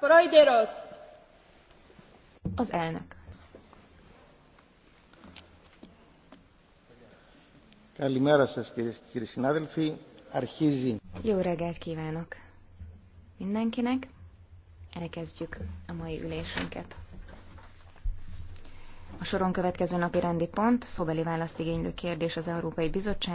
Proideros. Az elnök. Jó reggelt kívánok mindenkinek. Elkezdjük a mai ülésünket. A soron következő napi rendi pont, szóbeli választ igénylő kérdés az Európai Bizottság